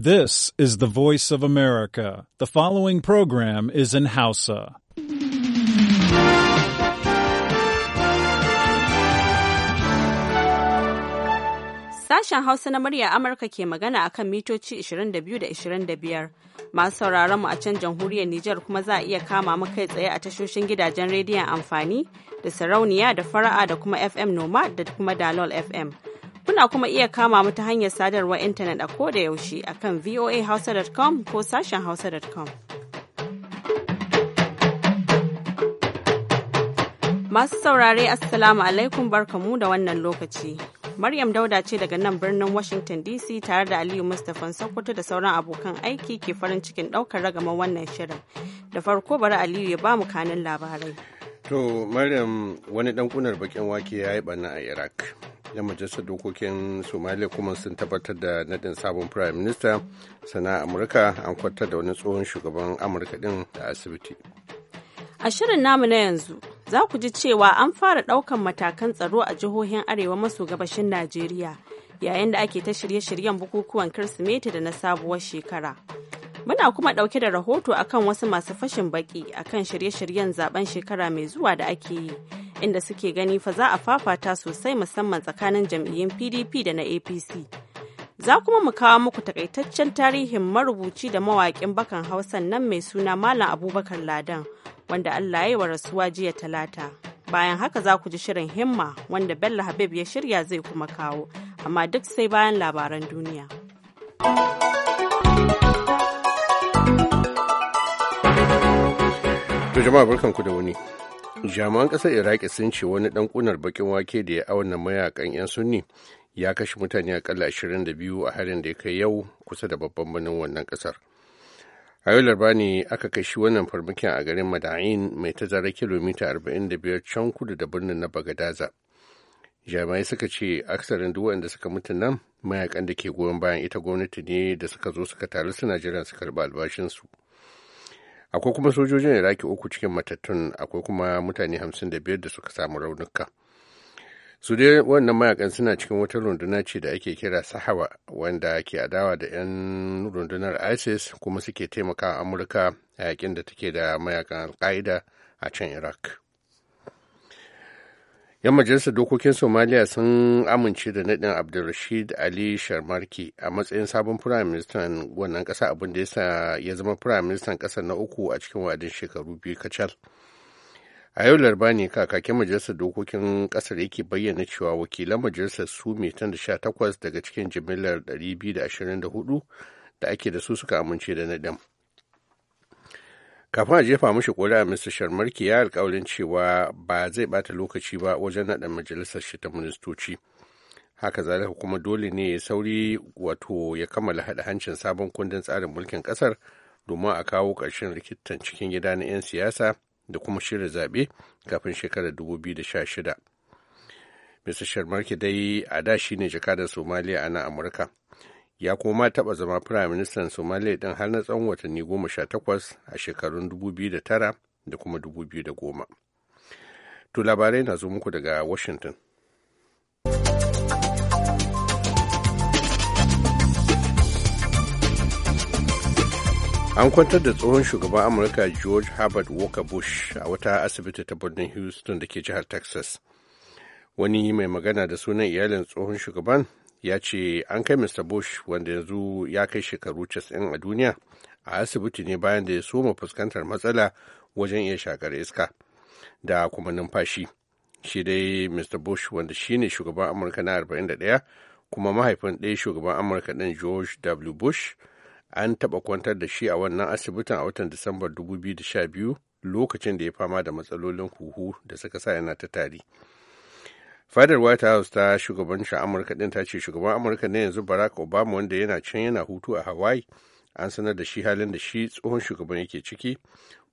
This is the voice of America. The following program is in Hausa. Sashen Hausa na murya Amurka ke magana akan mitoci 22 da 25. Masu sauraron mu a can jamhuriyar Nijar kuma za a iya kama mu kai tsaye a tashoshin gidajen rediyon amfani da sarauniya da fara'a da kuma FM Noma da kuma Dalol FM. Kuna kuma iya kama mu ta hanyar sadarwar intanet a ko da yaushe akan voahausa.com ko sashen hausa.com. Masu saurare Assalamu alaikum barkamu da wannan lokaci. Maryam Dauda ce daga nan birnin Washington DC tare da Aliyu Mustapha Sokoto da sauran abokan aiki ke farin cikin ɗaukar ragaman wannan shirin. Da farko bari Aliyu ya ba mu kanin labarai. To Maryam wani kunar bakin wake ya yi ɓanna a Iraq. yan majalisar dokokin somalia kuma sun tabbatar da nadin sabon prime minister sana amurka an kwantar da wani tsohon shugaban amurka din da asibiti a shirin namu na yanzu za ku ji cewa an fara ɗaukan matakan tsaro a jihohin arewa maso gabashin najeriya yayin da ake ta shirye-shiryen bukukuwan kirsimeti da na sabuwar shekara muna kuma ɗauke da rahoto akan wasu masu fashin baki akan shirye-shiryen zaben shekara mai zuwa da ake yi inda suke gani fa za a fafata sosai musamman tsakanin jam'iyyun pdp da na apc za kuma mu kawo muku takaitaccen tarihin marubuci da mawakin bakan hausan nan mai suna malam abubakar ladan wanda allah ya yi wa rasuwa jiya talata bayan haka za ku ji shirin himma wanda bello habib ya shirya zai kuma kawo amma duk sai bayan labaran duniya jama'a barkanku da wuni jami'an ƙasar iraki sun ce wani ɗan ƙunar bakin wake da ya auna mayakan 'yan sunni ya kashe mutane akalla biyu a harin da ya kai yau kusa da babban birnin wannan ƙasar a yau larbani aka kai shi wannan farmakin a garin mada'in mai ta zara kilomita 45 can kudu da birnin na bagadaza jami'ai suka ce aksarin duk waɗanda suka mutu nan mayakan da ke goyon bayan ita gwamnati ne da suka zo suka taru suna jiran su karɓi albashinsu akwai kuma sojojin iraki uku cikin matattun akwai kuma mutane hamsin da biyar da suka samu raunuka su dai wannan mayakan suna cikin wata runduna ce da ake kira sahawa wanda ke adawa da 'yan rundunar isis kuma suke taimaka amurka a yakin da take da mayakan al a can iraq yan majalisar dokokin somaliya sun amince da naɗin abdulrashid ali sharmarki a matsayin sabon firaministan wannan ƙasa abin da ya zama firaministan ƙasar na uku a cikin wa'adin shekaru biyu kacal a yau larba ne kakakin majalisar dokokin ƙasar yake bayyana cewa wakilan majalisar su da takwas daga cikin jimillar 224 da ake da su suka amince da naɗin. kafin a jefa mashi kuri'a, mr sharmarki ya alkawarin cewa ba zai bata lokaci ba wajen naɗa majalisar shi ta ministoci haka zalika kuma dole ne ya sauri wato ya kammala haɗa hancin sabon kundin tsarin mulkin ƙasar domin a kawo ƙarshen rikitan cikin gida na 'yan siyasa da kuma shirin zaɓe kafin shekarar 2016 mr sharmarki dai a da shine jakadar somaliya a nan amurka ya kuma taɓa zama firaministan somaliya ɗin har na tsawon watanni goma sha takwas a shekarun 2009 da kuma 2010 to labarai na zo muku daga washington an kwantar da tsohon shugaban amurka george herbert walker bush a wata asibiti ta birnin houston da ke jihar texas wani mai magana da sunan iyalin tsohon shugaban ya ce an kai mr bush wanda yanzu ya kai shekaru 90 a duniya a asibiti ne bayan da ya soma fuskantar matsala wajen iya shakar iska da kuma numfashi shi dai mr bush wanda shine shugaban amurka na 41 kuma mahaifin ɗaya shugaban amurka ɗin george w bush an taɓa kwantar da shi a wannan asibitin a watan disambar 2012 lokacin da ya fama da matsalolin huhu da suka sa yana ta tari. fadar white house ta shugabancin amurka din ta ce shugaban amurka ne yanzu barack obama wanda yana can yana hutu a hawaii an sanar da shi halin da shi tsohon shugaban yake ciki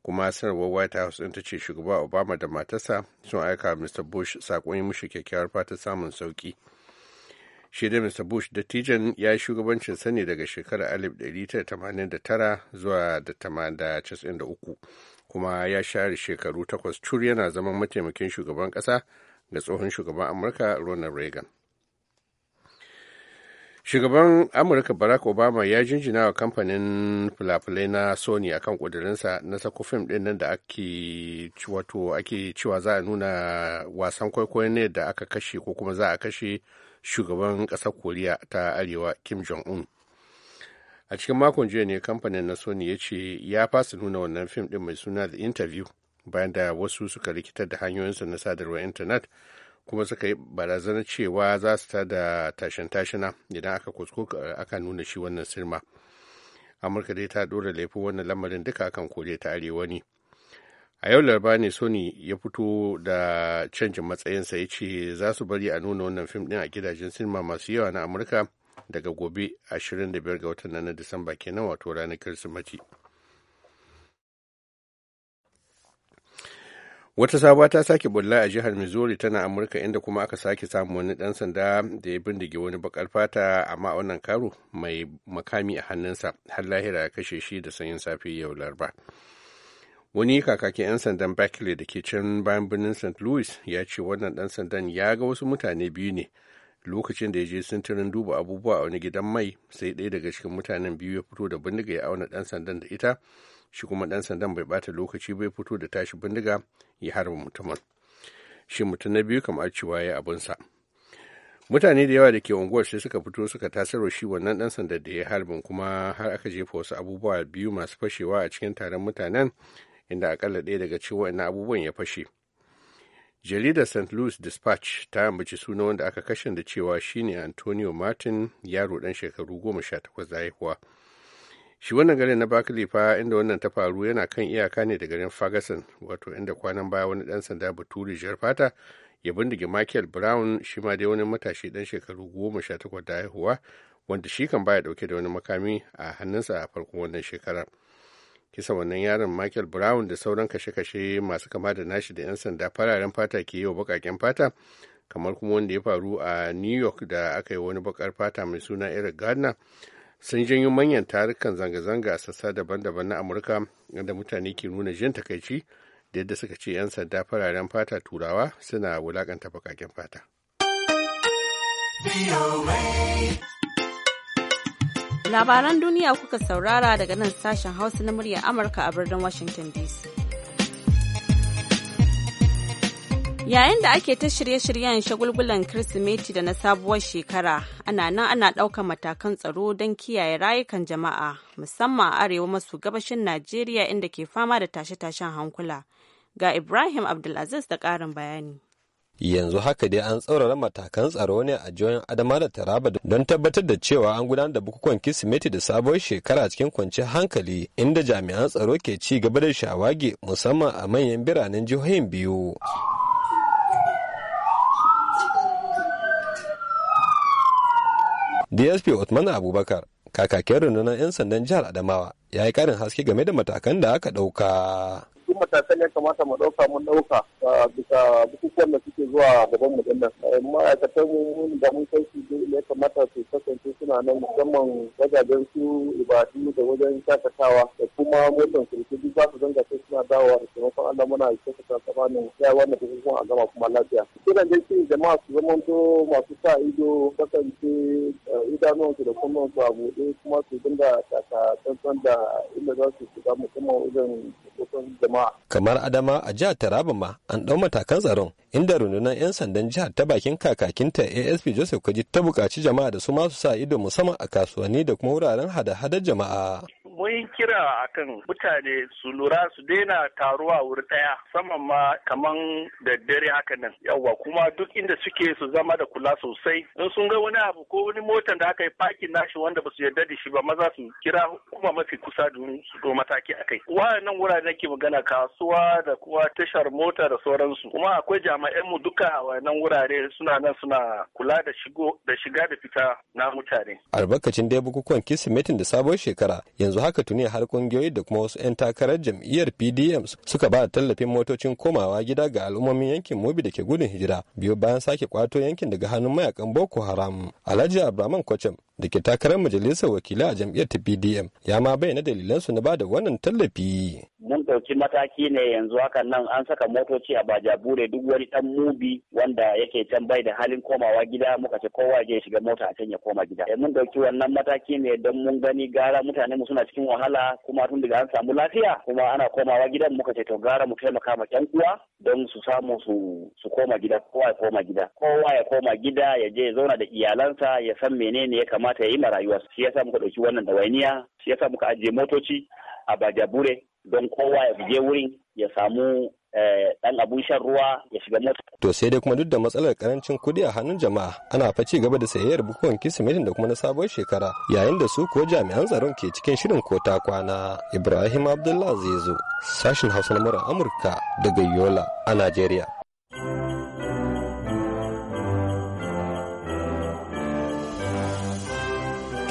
kuma sanarwar white house din ta ce shugaban obama da matarsa sun aika mr bush sakon yi mushi kyakkyawar fata samun sauki shi da mr bush dattijan ya yi shugabancin sani daga shekarar 1989 zuwa 1993 kuma ya share shekaru takwas cur yana zaman mataimakin shugaban kasa da tsohon shugaban amurka ronald reagan shugaban amurka barack obama ya jinjina wa kamfanin fulafulai na sony akan kudurinsa na sako fim din nan da ake ake cewa za a nuna wasan kwaikwayo ne da aka kashe ko kuma za a kashe shugaban ƙasar koriya ta arewa kim jong-un a cikin makon jiya ne kamfanin na sony ya ce ya fasa nuna wannan fim din mai suna the interview bayan da wasu suka rikitar da hanyoyinsu na sadarwar intanet kuma suka yi barazanar cewa za su da tashin-tashina idan aka kusko aka nuna shi wannan sirma amurka dai ta dora laifin wannan lamarin duka akan kore ta arewa ne a yau laraba ne sony ya fito da canjin matsayinsa ya ce za su bari a nuna wannan fim din a gidajen sinima masu yawa na amurka daga gobe 25 ga watan nan na disamba kenan wato ranar kirsimati. wata sabuwa ta sake bulla a jihar missouri tana amurka inda kuma aka sake samu wani dan sanda da ya bindige wani bakar fata amma wannan karo mai makami a hannunsa har lahira ya kashe shi da sanyin safe yau laraba wani kakakin 'yan sandan berkeley da ke can bayan birnin st louis ya ce wannan dan sandan ya ga wasu mutane biyu ne lokacin da ya je sintirin duba abubuwa a wani gidan mai sai ɗaya daga cikin mutanen biyu ya fito da bindiga ya auna dan sandan da ita shi kuma dan sandan bai bata lokaci bai fito da tashi bindiga ya harba mutumin shi mutum na biyu kamar cewa ya sa? mutane da yawa da ke unguwar sai suka fito suka tasarwa shi wannan dan sanda da ya harbin kuma har aka jefa wasu abubuwa biyu masu fashewa a cikin taron mutanen inda akalla ɗaya daga cewa na abubuwan ya fashe jaridar st louis dispatch ta ambaci suna wanda aka kashe da cewa shine antonio martin yaro dan shekaru goma sha takwas da haihuwa shi wannan garin na Berkeley fa inda wannan ta faru yana kan iyaka ne da garin Ferguson wato inda kwanan baya wani dan sanda bature jar fata ya bindige Michael Brown shi ma dai wani matashi dan shekaru goma sha takwas da haihuwa wanda shi kan baya dauke da wani makami a hannunsa a farkon wannan shekara. kisa wannan yaron michael brown da sauran kashe-kashe masu kama da nashi da 'yan sanda fararen fata ke yi wa bakaken fata kamar kuma wanda ya faru a new york da aka yi wani bakar fata mai suna eric gardner sun janyo manyan tarukan zanga-zanga a sassa daban-daban na amurka inda mutane ke nuna jin takaici da yadda suka ce 'yan sanda fararen fata turawa suna wulakanta bakaken fata labaran duniya kuka saurara daga nan sashen hausa na murya amurka a birnin washington dc Yayin da ake ta shirye-shiryen shagulgulan Kirsimeti da na sabuwar shekara, ana nan ana ɗaukar matakan tsaro don kiyaye rayukan jama'a, musamman a arewa masu gabashin Najeriya inda ke fama da tashe-tashen hankula. Ga Ibrahim Abdulaziz da ƙarin bayani. yanzu haka dai an tsaurara matakan tsaro ne a jihohin adama da taraba don tabbatar da cewa an gudanar da bukukuwan kirsimeti da sabuwar shekara cikin kwanciyar hankali inda jami'an tsaro ke ci gaba da shawagi musamman a manyan biranen jihohin biyu dsp usman abubakar kakakin rundunar 'yan sandan jihar adamawa ya yi karin haske game da matakan da aka ɗauka duk matakan ya kamata mu ɗauka mun ɗauka bisa bukukuwan da suke zuwa gaban mu dinnan eh, ma'aikatan mu da mun kai su ya kamata su kasance suna nan musamman wajajen su ibadu da wajen shakatawa da kuma motan surutu duk za su zanga sai suna dawowa da taimakon Allah muna kyautata tsamanin ya wannan bukukuwan a gama kuma lafiya kiran dai shi jama'a su zamanto masu sa ido kasance idanuwansu da kuma a buɗe kuma su dinga taka tsantsan da inda za su shiga musamman wajen jama'a adamawa kamar adama a jihar taraba ma an ɗau matakan tsaron inda rundunar 'yan sandan jihar ta bakin kakakinta asp joseph kaji ta buƙaci jama'a da su masu sa ido musamman a kasuwanni da kuma wuraren hada-hadar jama'a mun kira akan mutane su lura su daina taruwa wuri daya saman ma kaman da haka nan yawa kuma duk inda suke su zama da kula sosai in sun ga wani abu ko wani motar da aka yi fakin nashi wanda basu su yarda da shi ba maza su kira kuma mafi kusa domin su zo mataki akai wa'annan wurare ke magana kasuwa da kuma tashar mota da sauransu kuma akwai jami'an mu duka a wannan wurare suna nan suna kula da shigo da shiga da fita na mutane albarkacin dai bukukuwan kismetin da sabon shekara yanzu haka tuni har kungiyoyi da kuma wasu 'yan takarar jam'iyyar pdm suka ba da tallafin motocin komawa gida ga al'ummomin yankin mobi da ke gudun hijira biyu bayan sake kwato yankin daga hannun mayakan boko haram alhaji abraman kwacham da ke takarar majalisar wakilai a jam'iyyar ta PDM ya ma bayyana dalilansu na ba da wannan tallafi. Mun ɗauki mataki ne yanzu haka nan an saka motoci a bajabure duk wani ɗan mubi wanda yake can bai da halin komawa gida muka ce kowa ya shiga mota a can ya koma gida. Eh, mun ɗauki wannan mataki ne don mun gani gara mutane mu suna cikin wahala kuma tun daga an samu lafiya kuma ana komawa gidan muka ce to gara mu taimaka ma ƴan uwa don su samu su su koma gida kowa ya koma gida kowa ya koma gida ya je ya zauna da iyalansa ya san menene ya kamata kamata ya yi na rayuwa shi yasa muka ɗauki wannan dawainiya shi yasa muka ajiye motoci a bajabure don kowa ya je wurin ya samu dan eh, abun shan ruwa ya shiga mota. To sai dai kuma duk da matsalar karancin kuɗi a hannun jama'a ana fa ci gaba da sayayyar bukukuwan kirsimeti da kuma na sabon shekara yayin da su ko jami'an tsaron ke cikin shirin kota kwana Ibrahim Abdullah Zezo sashin Hausa na Amurka daga Yola a Najeriya.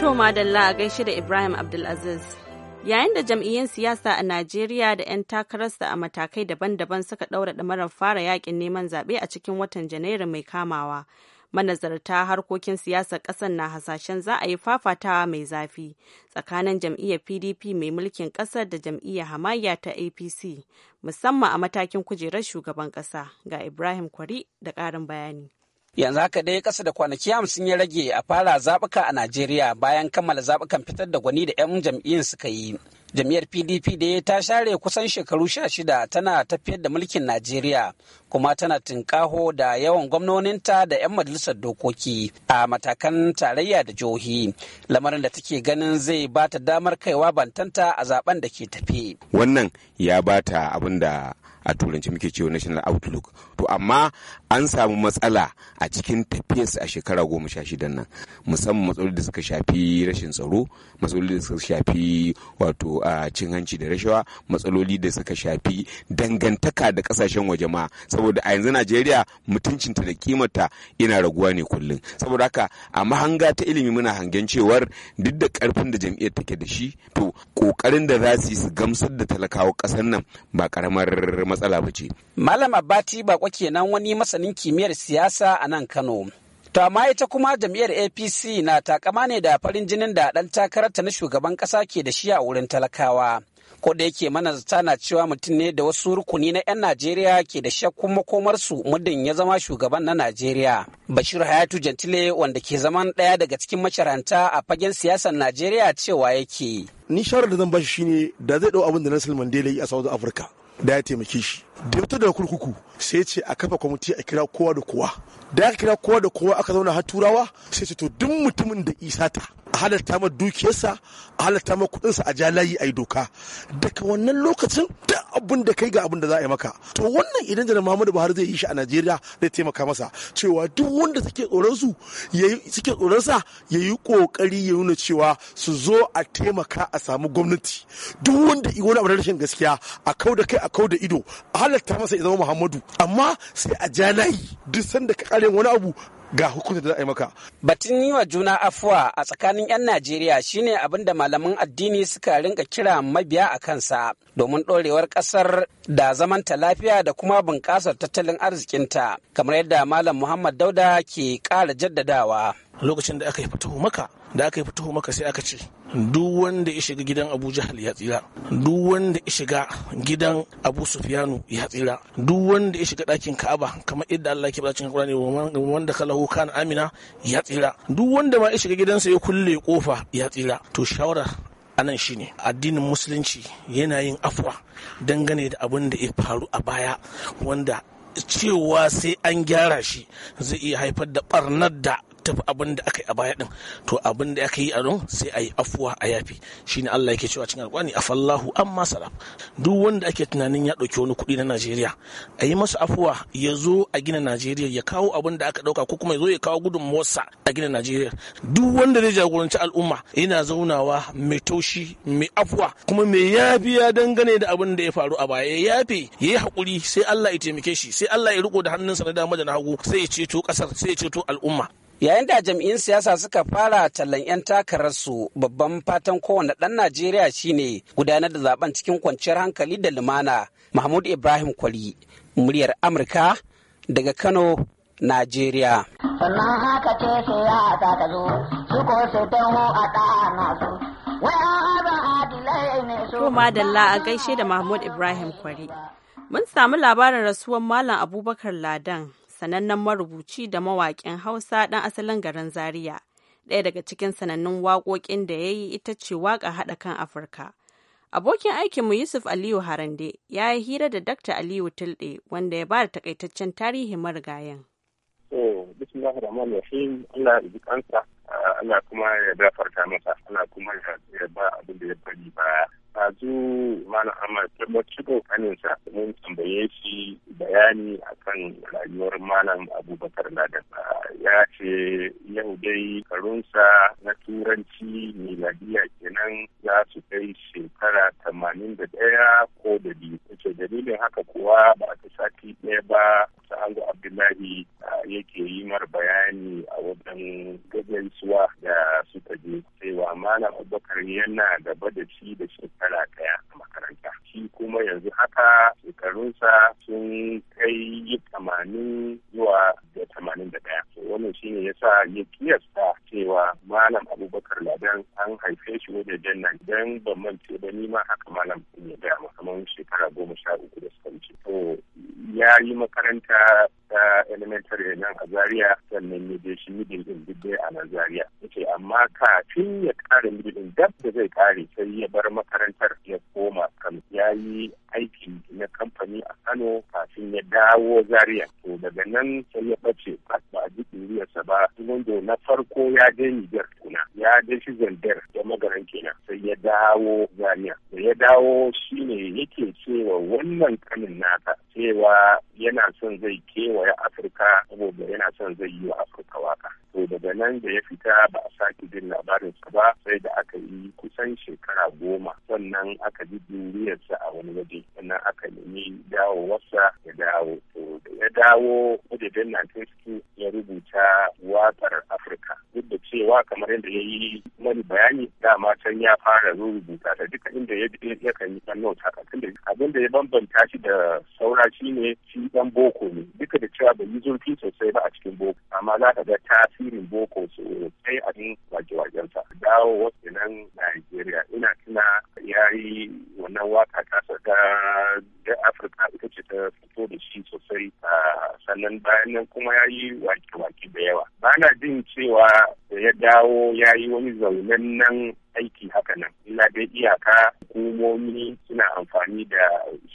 To madalla a gaishe da Ibrahim Abdulaziz. Yayin da jam'iyyun siyasa a Najeriya da 'yan takararsa a matakai daban-daban suka ɗaura ɗamarar fara yakin neman zaɓe a cikin watan Janairu mai kamawa. Manazarta harkokin siyasar ƙasar na hasashen za a yi fafatawa mai zafi tsakanin jam'iyyar PDP mai mulkin ƙasar da jam'iyyar hamayya ta APC, musamman a matakin kujerar shugaban ƙasa ga Ibrahim Kwari da ƙarin bayani. Yanzu haka dai ƙasa da kwanaki hamsin ya rage a fara zaɓuka a Najeriya bayan kammala zaɓukan fitar da gwani da 'yan jam'iyyun suka yi. Jam'iyyar PDP dai ta share kusan shekaru sha shida tana tafiyar da mulkin Najeriya kuma tana tinkaho da yawan gwamnoninta da 'yan majalisar dokoki a matakan tarayya da jihohi lamarin da take ganin zai bata damar kaiwa bantanta a zaben da ke tafe. Wannan ya bata ta abin da a turanci muke cewa national outlook to amma an samu matsala a cikin tafiyarsa a shekara goma sha shidan nan musamman matsaloli da suka shafi rashin tsaro matsaloli da suka shafi wato cin hanci da rashawa matsaloli da suka shafi dangantaka da kasashen waje ma saboda a yanzu najeriya mutuncinta da kimarta yana raguwa ne kullum saboda haka a mahanga ta ilimi muna hangen cewar duk da karfin da jam'iyyar take da shi to kokarin da za su yi su gamsar da talakawa kasar nan ba karamar matsala ba ce. Malam Abati Bako kenan wani masanin kimiyyar siyasa a nan Kano. To amma ita kuma jam'iyyar APC na takama ne da farin jinin da ɗan ta na shugaban ƙasa ke da shi a wurin talakawa. ko da yake mana zata na cewa mutum ne da wasu rukuni na 'yan najeriya ke da shakkun makomarsu muddin ya zama shugaban na najeriya bashir hayatu jantile wanda ke zaman ɗaya daga cikin masharanta a fagen siyasar najeriya cewa yake ni shawarar da zan bashi ne da zai ɗau abin da nelson mandela yi a south africa da ya taimake shi da fito daga kurkuku sai ce a kafa kwamiti a kira kowa da kowa da aka kira kowa da kowa aka zauna har turawa sai ce to duk mutumin da isa ta a halarta ma dukiyarsa a halarta ma kudinsa a ja layi a yi doka daga wannan lokacin da abin da kai ga abin da za a yi maka to wannan idan jana muhammadu buhari zai yi shi a najeriya zai taimaka masa cewa duk wanda suke tsoron su suke tsoron sa ya yi kokari ya nuna cewa su zo a taimaka a samu gwamnati duk wanda wani abu rashin gaskiya a kau da kai a kau da ido a halatta masa ya zama muhammadu amma sai a ja layi duk sanda ka kare wani abu ga hukunta da za a yi maka. Batun yi wa juna afuwa a tsakanin 'yan Najeriya shine abin da malaman addini suka rinka kira mabiya a kansa domin ɗorewar ƙasar da zamanta lafiya da kuma bunƙasar tattalin arzikinta kamar yadda Malam Muhammad Dauda ke ƙara jaddadawa. Lokacin da aka yi fito maka da aka yi fito maka sai aka ce duk wanda ya shiga gidan abu jahal ya tsira duk wanda ya shiga gidan abu sufyanu ya tsira duk wanda ya shiga ɗakin ka'aba kamar idda allah ke bacin qur'ani wanda kalahu kana amina ya tsira duk wanda ma ya shiga gidansa ya kulle kofa ya tsira to shawara anan shine addinin musulunci yana yin afwa dangane da abin da ya faru a baya wanda cewa sai an gyara shi zai iya haifar da barnar da tafi abin da aka yi a baya din to abin da aka yi a nan sai a yi afuwa a yafi Shi ne Allah yake cewa cikin alƙwani afallahu amma salaf duk wanda ake tunanin ya ɗauki wani kuɗi na Najeriya a yi masa afuwa ya zo a gina Najeriya ya kawo abin da aka ɗauka ko kuma ya zo ya kawo gudunmuwarsa a gina Najeriya duk wanda zai jagoranci al'umma yana zaunawa mai taushi mai afuwa kuma mai yafi ya dangane da abin da ya faru a baya ya yafe ya yi hakuri, sai Allah ya taimake shi sai Allah ya riko da hannunsa na dama da na hagu sai ya ceto ƙasar sai ya ceto al'umma Yayin da jam'in siyasa suka fara tallan 'yan takararsu babban fatan kowane ɗan Najeriya shine gudanar da zaben cikin kwanciyar hankali da lumana. Mahmud Ibrahim Kwali, muryar Amurka daga Kano, Najeriya. Sannan haka ce a To madalla a gaishe da Mahmud Ibrahim Kwari. Mun samu labarin rasuwar Malam Abubakar Ladan sanannen marubuci da mawaƙin Hausa ɗan asalin garin Zaria. Ɗaya daga cikin sanannun waƙoƙin da ya yi ita ce waƙa haɗa kan Afirka. Abokin aikinmu Yusuf Aliyu Harande ya yi hira da Dr. Aliyu Tilde wanda ya ba da takaitaccen tarihin marigayen. bismillahir rahmanir Allah ya kuma ya masa Allah kuma ya ba abin da ya bari baya ɗazu mana amma cikin kaninsa mun tambaye shi bayani akan rayuwar malam abubakar ladan ya ce yau dai karunsa na turanci miladiya kenan za su kai shekara tamanin da ɗaya ko da biyu ce dalilin haka kuwa ba ta sati ɗaya ba ta ango abdullahi yake yi mar bayani a wajen suwa da suka je cewa malam abubakar yana gaba da shi da shekara shekara ɗaya a makaranta shi kuma yanzu haka shekarunsa sun kai tamanin zuwa da tamanin da ɗaya wannan shi ne yasa ya kiyasta cewa malam abubakar ladan an haife shi wajajen nan Idan ban mance ba ni ma haka malam ya gaya ma kamar shekara goma sha uku da suka wuce to ya yi makaranta ta elementary nan a zaria sannan ya je shi middle din duk a nan zaria amma kafin ya kare miliyan dab da zai kare sai ya bar makarantar ya koma kan ya yi aiki na kamfani a kano kafin ya dawo zaria to daga nan sai ya bace ba a ji ɗuriyarsa ba wanda na farko ya je nijar kuna ya je shi zandar da magaran kenan sai ya dawo Zariya da ya dawo shi ne yake cewa wannan kanin naka cewa yana son zai kewaye afirka saboda yana son zai yi wa afirka waka daga nan da ya fita ba a sake jin labarinsa ba sai da aka yi kusan shekara goma sannan aka ji duniyarsa a wani waje sannan aka nemi wasa ya dawo to da ya dawo wajen nan ya rubuta waƙar afirka duk da cewa kamar yadda ya yi mani bayani dama can ya fara rubuta da duka inda ya ya kan yi fannin takatun da abin da ya bambanta shi da saura shi ne shi dan boko ne duka da cewa bai yi zurfi sosai ba a cikin boko amma za ka ga tasirin boko sosai a cikin wake-wakensa dawo wasu nan Najeriya ina tuna ya yi wannan waka ta ka ita ce ta fito da shi sosai sannan bayan nan kuma ya yi wake-wake da yawa ba na jin cewa da ya dawo ya yi wani zaunen nan aiki haka nan ina dai iyaka hukumomi suna amfani da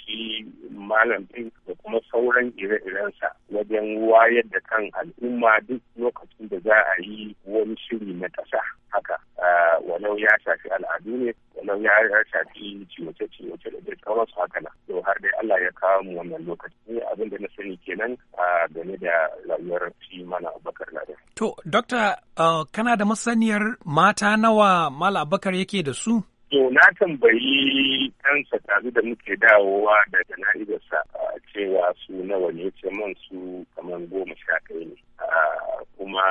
shi malam din da kuma sauran ire-irensa wajen wayar da kan al'umma duk lokacin da za a yi wani shiri na tasa haka walau ya shafi al'adu ne walau ya shafi ciwace-ciwace da dai sauransu haka nan samu wannan lokaci abin da na sani kenan a game da rayuwar shi mana abubakar ladan. To, Dokta, kana da masaniyar mata nawa Mala Abubakar yake da su? To, na tambayi kansa tare da muke dawowa da jana'izarsa cewa su nawa ne ce man su kamar goma sha kai ne. Kuma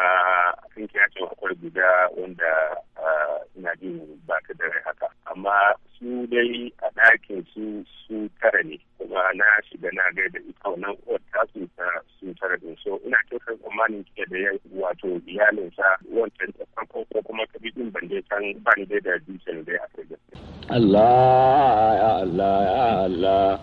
sun kiya ce akwai guda wanda ina jin ba ta da haka. Amma su dai a ɗakin su su tara ne. cewa na shiga na da ita wannan uwar ta su ta su so ina kyautar tsammanin ke da ya wato sa wancan da farko ko kuma kabidin ban dai san ban dai da dutsen da ya kai Allah ya Allah ya Allah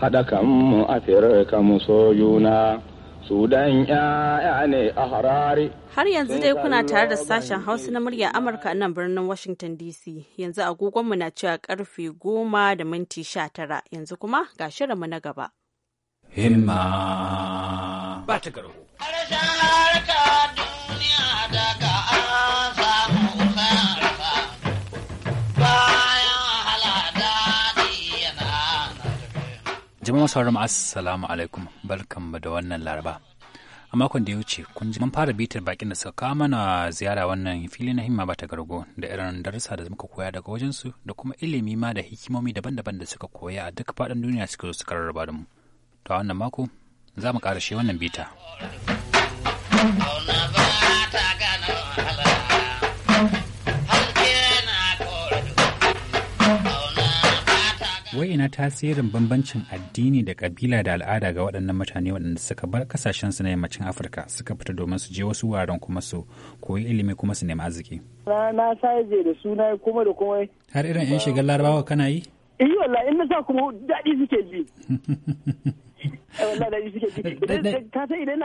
hada kan mu afirka mu so juna Sudan ‘ya'ya ne a harare. Har yanzu dai kuna tare da sashen Hausa na murya Amurka nan birnin Washington DC. Yanzu agogonmu na cewa karfe goma da minti sha tara. Yanzu kuma ga shirinmu na gaba. Himma ba ta garo. duniya da jama'a sauran assalamu alaikum barkan mu da wannan laraba a makon da ya wuce kun ji mun fara bitar bakin da suka kawo mana ziyara wannan fili na himma bata gargo da irin darussa da muka koya daga wajensu da kuma ilimi ma da hikimomi daban-daban da suka koya a duk faɗin duniya suka zo suka rarraba da mu to a wannan mako za mu ƙarashe wannan bita wai ina tasirin bambancin addini da kabila da al'ada ga waɗannan mutane waɗanda suka bar kasashen su na yammacin afirka suka fita domin su je wasu wuraren kuma su koyi ilimi kuma su nemi arziki na saje da suna kuma da kuma har irin yan shigar larabawa kana yi eh wallahi in na sa kuma daɗi suke ji Eh, eh, ka idan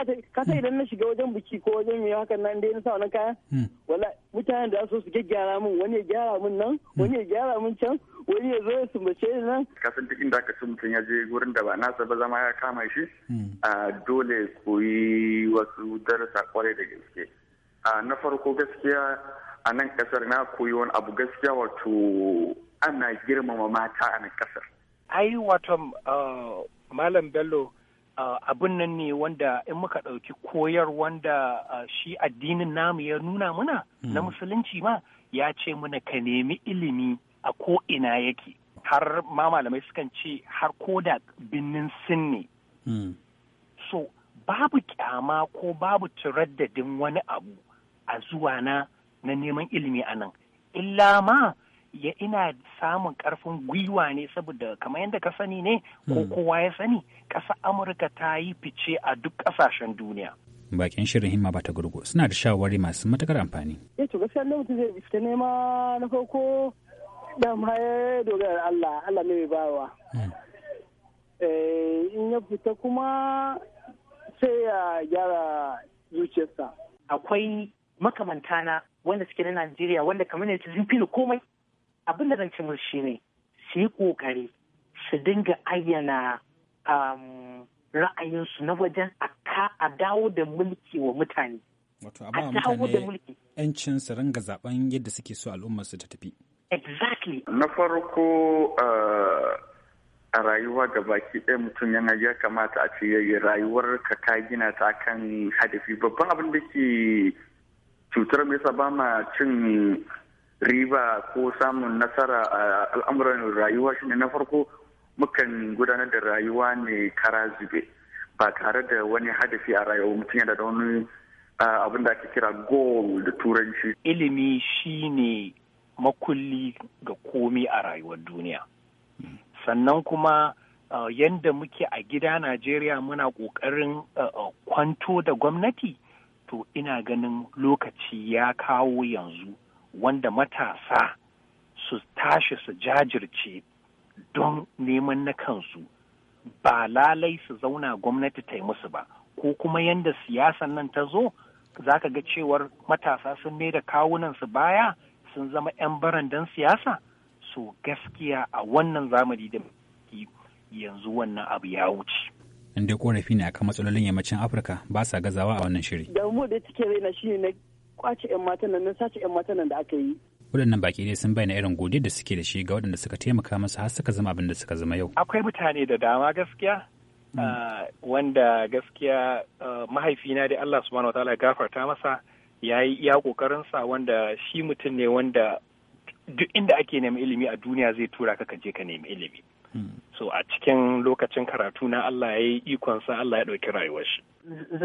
na shiga wajen biki ko wajen mai hakan nan dai na sa wannan kaya hmm. wala mutanen da so su gyara min wani ya gyara min nan hmm. wani ya gyara min can wani ya zo ya sumbace ni nan ka san duk inda ka ci mutum ya je wurin da ba nasa ba zama ya kama shi hmm. a dole koyi wasu darasa kwarai da gaske na farko gaskiya a nan kasar na koyi wani abu gaskiya wato ana girmama mata a nan kasar ai wato malam bello uh, abin nan ne wanda in muka ɗauki koyar wanda uh, shi addinin namu ya nuna muna na hmm. musulunci ma ya ce muna ka nemi ilimi a ko ina yake har ma malamai sukan ce har ko da binnin sin ne hmm. so babu kyama ko babu turaddadin wani abu a zuwa na na neman ilimi a nan illa ma ya ina samun karfin gwiwa ne saboda kamar yadda ka sani ne ko hmm. kowa ya sani ƙasa amurka ta yi fice a duk ƙasashen duniya bakin shirin himma ba ta gurgu suna da shawarwari masu matakar amfani eh to gaskiya na mutum zai fita nema na farko dama ya dogara Allah Allah ne bawa hmm. eh in ya fita kuma sai ya gyara zuciyarsa akwai makamantana wanda suke na Najeriya wanda kamar ne sun fi komai abin da zan ci shi shine su yi kokari su dinga ayyana um, ra'ayinsu na wajen a dawo da mulki wa mutane wato a ba mutane yancin su ringa zaben yadda suke so al'ummar su ta tafi exactly na farko uh, a rayuwa ga baki ɗaya mutum yana ya kamata a ce yayi rayuwar ka ta gina ta kan hadafi babban abin da ke cutar mai yasa ba cin riba ko samun nasara a al'amuran rayuwa shine na farko mukan gudanar da rayuwa ne kara zube ba tare da wani hadafi a rayuwa mutum yana da wani abin da ake kira goal da turanci ilimi shine makulli ga komi a rayuwar duniya sannan kuma yadda muke a gida najeriya muna kokarin kwanto da gwamnati to ina ganin lokaci ya kawo yanzu wanda matasa su tashi su jajirce don neman na kansu ba lalai su zauna gwamnati ta yi musu ba ko kuma yadda siyasan nan ta zo za ka ga cewar matasa sun mai da kawunansu baya sun zama 'yan barandan siyasa so gaskiya a wannan zamani da yanzu wannan abu ya wuce. in dai korafi ne akan matsalolin yammacin afirka ba sa gazawa a wannan shiri. damu da cike raina shi ne kwace 'yan matan nan na sace 'yan matan nan da aka yi waɗannan baki ne sun bayyana irin godiyar da suke da shi ga waɗanda suka taimaka masa har suka zama abin da suka zama yau. Akwai mutane da dama gaskiya hmm. ah, wanda gaskiya ah, mahaifina da Allah subhanahu wa ta'ala gafarta masa ya yi iya sa wanda shi mutum ne wanda duk inda ake neman ilimi a duniya zai tura ka ka je ka nemi ilimi. Hmm. So a cikin lokacin karatu na Allah ya yi sa Allah ya ɗauki rayuwar shi.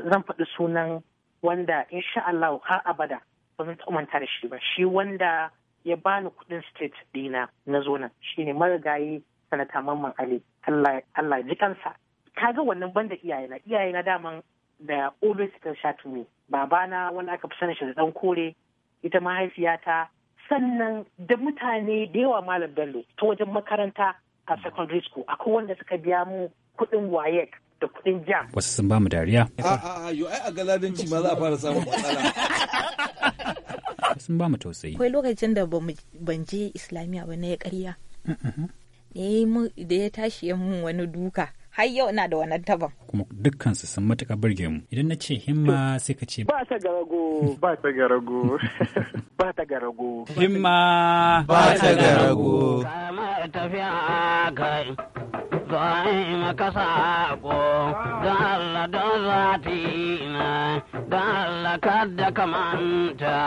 Zan faɗi sunan wanda insha Allah har abada ba zan taɓa manta da shi ba shi wanda ya bani kuɗin state dina na zona nan shine marigayi sanata mamman ali Allah ji kansa kaga wannan banda iyayena iyayena daman da always kan sha tumi babana wanda aka fi sanin shi da dan kore ita mahaifiyata sannan da mutane da yawa malam bello ta wajen makaranta a secondary school akwai wanda suka biya mu kuɗin wayek da kuɗin jiya. Wasu sun ba mu dariya. A'a, yo ai a galadanci ma za a fara samun matsala. Sun ba mu tausayi. Akwai lokacin da ban je Islamiyya ba na ya karya. Da ya tashi ya mun wani duka. har yau na da wannan taban. Kuma dukkan su sun matuƙa burge mu. Idan na ce himma sai ka ce. Ba ta garago. Ba ta garago. Ba ta garago. Himma. Ba ta garago. Kamar tafiya kai. kai ka sako don Allah don zatina don Allah kada ka manta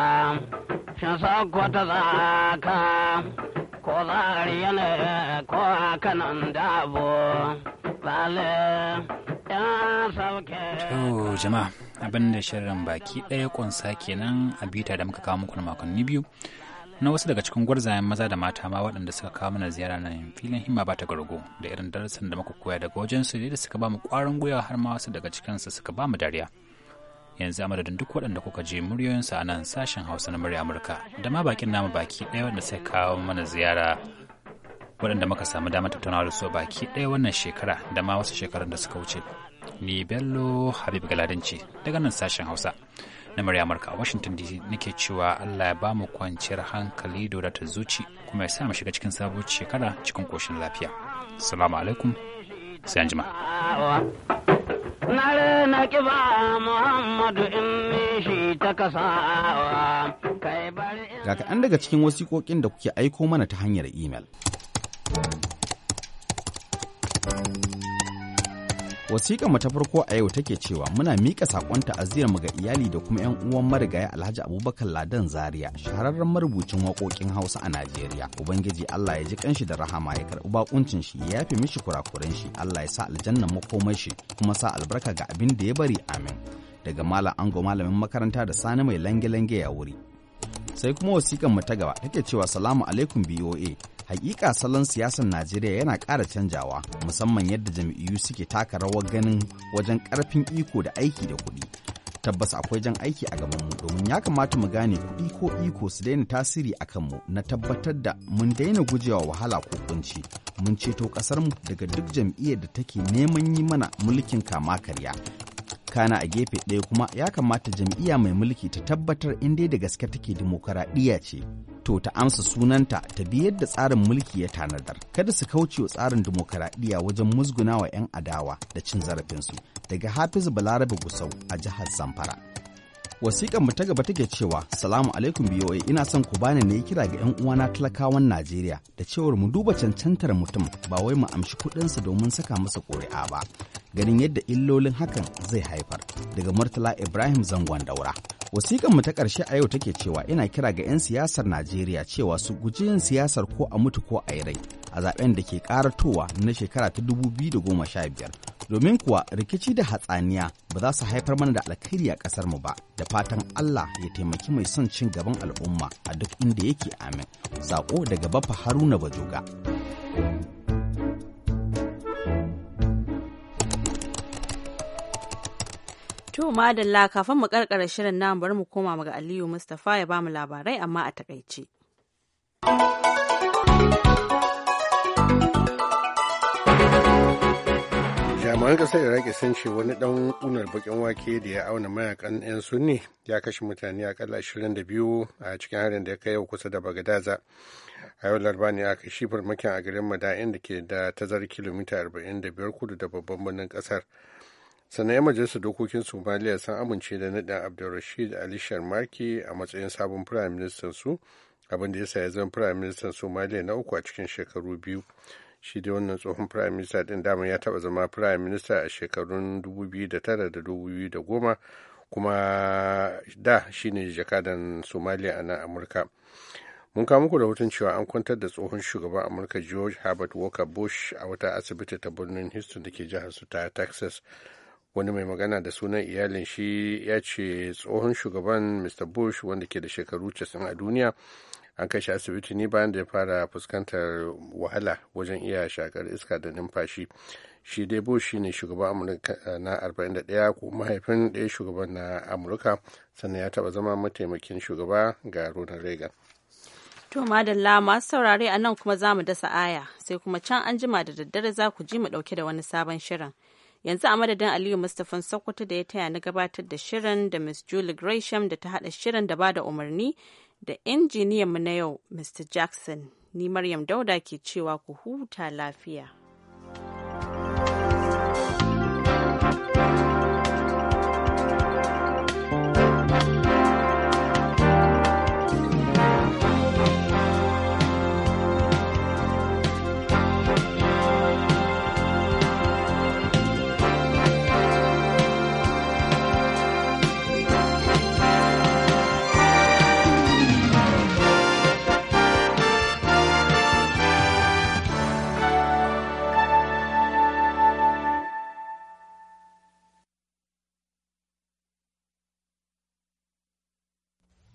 shan sako ta zaka ko zariya ne ko kanan dabo lale To jama'a abin da shirin baki ɗaya ƙunsa kenan a bita da muka kawo muku na makonni biyu na wasu daga cikin gwarzayen maza da mata ma waɗanda suka kawo mana ziyara na filin himma ba ta gargo da irin darasin da muka koya daga wajen su da suka ba mu ƙwarin gwiwa har ma wasu daga cikin suka ba mu dariya yanzu a madadin duk waɗanda kuka je muryoyinsu a nan sashen hausa na murya amurka da ma bakin namu baki ɗaya wanda suka kawo mana ziyara waɗanda muka samu damar tattaunawa da su baki ɗaya wannan shekara da ma wasu shekarun da suka wuce ni bello habib galadinci daga nan sashen hausa na murya amurka a washington dc nake cewa allah ya bamu kwanciyar hankali da wadatar zuci kuma ya sa mu shiga cikin sabuwar shekara cikin koshin lafiya salamu alaikum sai an jima Nare na kiba Muhammadu in shi ta kasawa daga cikin wasiƙoƙin da kuke aiko mana ta hanyar imel. wasiƙa mu ta farko a yau take cewa muna miƙa saƙon ta'aziyar mu ga iyali da kuma 'yan uwan marigaya Alhaji Abubakar Ladan Zaria shahararren marubucin waƙoƙin Hausa a Najeriya ubangiji Allah ya ji kanshi da rahama ya karɓi bakuncin shi ya yafe mishi kurakuran shi Allah ya sa aljanna makomai shi kuma sa albarka ga abin da ya bari amin daga malam ango malamin makaranta da sani mai lange-lange ya wuri sai kuma wasiƙan mu ta gaba take cewa salamu alaikum BOA hakika salon siyasar najeriya yana ƙara canjawa musamman yadda jam'iyyu suke taka rawar ganin wajen karfin iko da aiki da kuɗi tabbas akwai jan aiki a gaban mu domin ya kamata mu gane kuɗi ko iko su daina tasiri a kanmu na tabbatar da mun daina gujewa wahala ko kunci mun ceto ƙasarmu daga duk jam'iyyar da take neman yi mana mulkin kama karya kana a gefe ɗaya kuma ya kamata jam'iyya mai mulki ta tabbatar in dai da gaske take dimokuraɗiyya ce to ta amsa sunanta ta bi yadda tsarin mulki ya tanadar kada su kauce wa tsarin dimokuraɗiyya wajen musguna wa 'yan adawa da cin zarafinsu daga hafiz balarabe gusau a jihar zamfara wasiƙan mu ta gaba take cewa salamu alaikum BOA ina son ku bani ne kira ga yan uwana talakawan Najeriya da cewar mu duba cancantar mutum ba wai mu amshi kuɗinsa domin saka masa ƙuri'a ba ganin yadda illolin hakan zai haifar daga Murtala Ibrahim Zangon Daura wasiƙan mu ta ƙarshe a yau take cewa ina kira ga 'yan siyasar Najeriya cewa su guji yin siyasar ko a mutu ko a yi rai a zaben da ke ƙaratowa na shekara ta 2015 domin kuwa rikici da hatsaniya ba za su haifar mana da alkhairi a ƙasar mu ba da fatan Allah ya taimaki mai son cin gaban al'umma a duk inda yake amin sako daga bafa haruna bajoga To madalla kafin mu karkara shirin nan bari mu koma ga Aliyu mustafa ya bamu labarai amma a takaice. jami'an kasar iraki sun ce wani dan kunar bakin wake da ya auna mayakan 'yan sunni ya kashe mutane akalla 22 a cikin harin da ya kai kusa da bagadaza a yau larba ne aka shi farmakin a garin mada'in da ke da tazar kilomita 45 kudu da babban birnin kasar sannan 'yan majalisar dokokin somaliya sun amince da naɗin abdulrashid ali sharmaki a matsayin sabon firayim ministan su abin da ya sa ya zama firayim ministan somaliya na uku a cikin shekaru biyu shi da wannan tsohon prime minister din dama ya taba zama prime minister a shekarun 2009 da 2010 kuma da shine jakadan somalia a nan amurka mun kawo muku rahoton cewa an kwantar da tsohon shugaban amurka george herbert walker bush a wata asibiti ta birnin houston da ke jihar su ta texas wani mai magana da sunan iyalin shi ya ce tsohon shugaban mr bush wanda ke da shekaru 90 a duniya an kai shi asibiti ne bayan da ya fara fuskantar wahala wajen iya shakar iska da numfashi shi dai bush shine shugaban amurka eh, na 41 ko mahaifin ɗaya shugaban na amurka sannan ya taba zama mataimakin shugaba ga ronald reagan To madalla masu saurare a nan kuma zamu dasa aya sai kuma can an jima da daddare za ku ji mu ɗauke da wani sabon shirin. Yanzu a madadin Aliyu Mustapha Sokoto da ya taya na gabatar da shirin da Miss Julie Gresham da ta haɗa shirin da ba da umarni da injiniyanmu na yau Mr. Jackson, ni Maryam Dauda ke cewa ku huta lafiya.